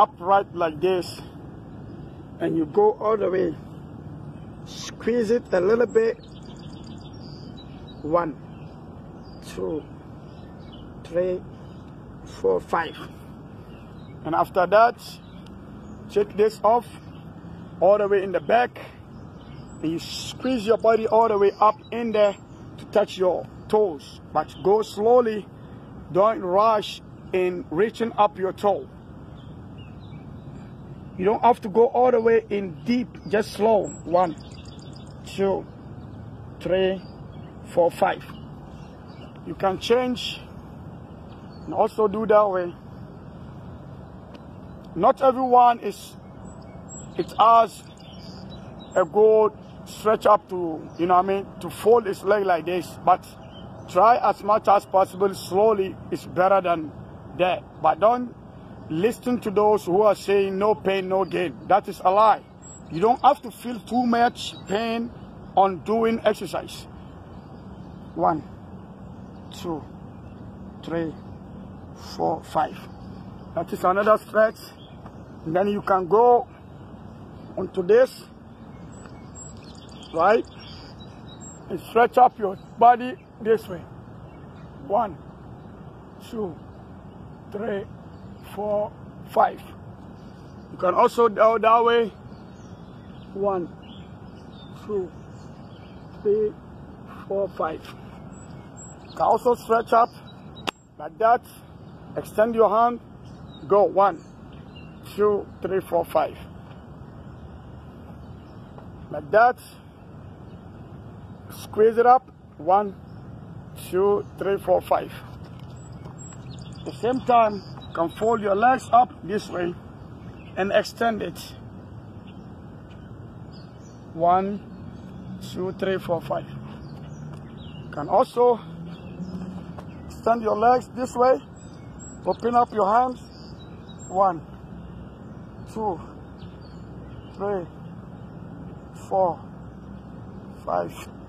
upright like this and you go all the way squeeze it a little bit one two three four five and after that take this off all the way in the back and you squeeze your body all the way up in there to touch your toes but go slowly don't rush in reaching up your toe you don't have to go all the way in deep, just slow. One, two, three, four, five. You can change and also do that way. Not everyone is, it has a good stretch up to, you know what I mean, to fold his leg like this. But try as much as possible slowly It's better than that. But don't listen to those who are saying no pain, no gain. That is a lie. You don't have to feel too much pain on doing exercise. One, two, three, four, five. That is another stretch. And then you can go onto this, right? And stretch up your body this way. One, two, three, four, five. You can also dial that way. One, two, three, four, five. You can also stretch up like that. Extend your hand. Go one, two, three, four, five. Like that. Squeeze it up. One, two, three, four, five. At the same time, can fold your legs up this way and extend it. One, two, three, four, five. You can also extend your legs this way. Open up your hands. One, two, three, four, five.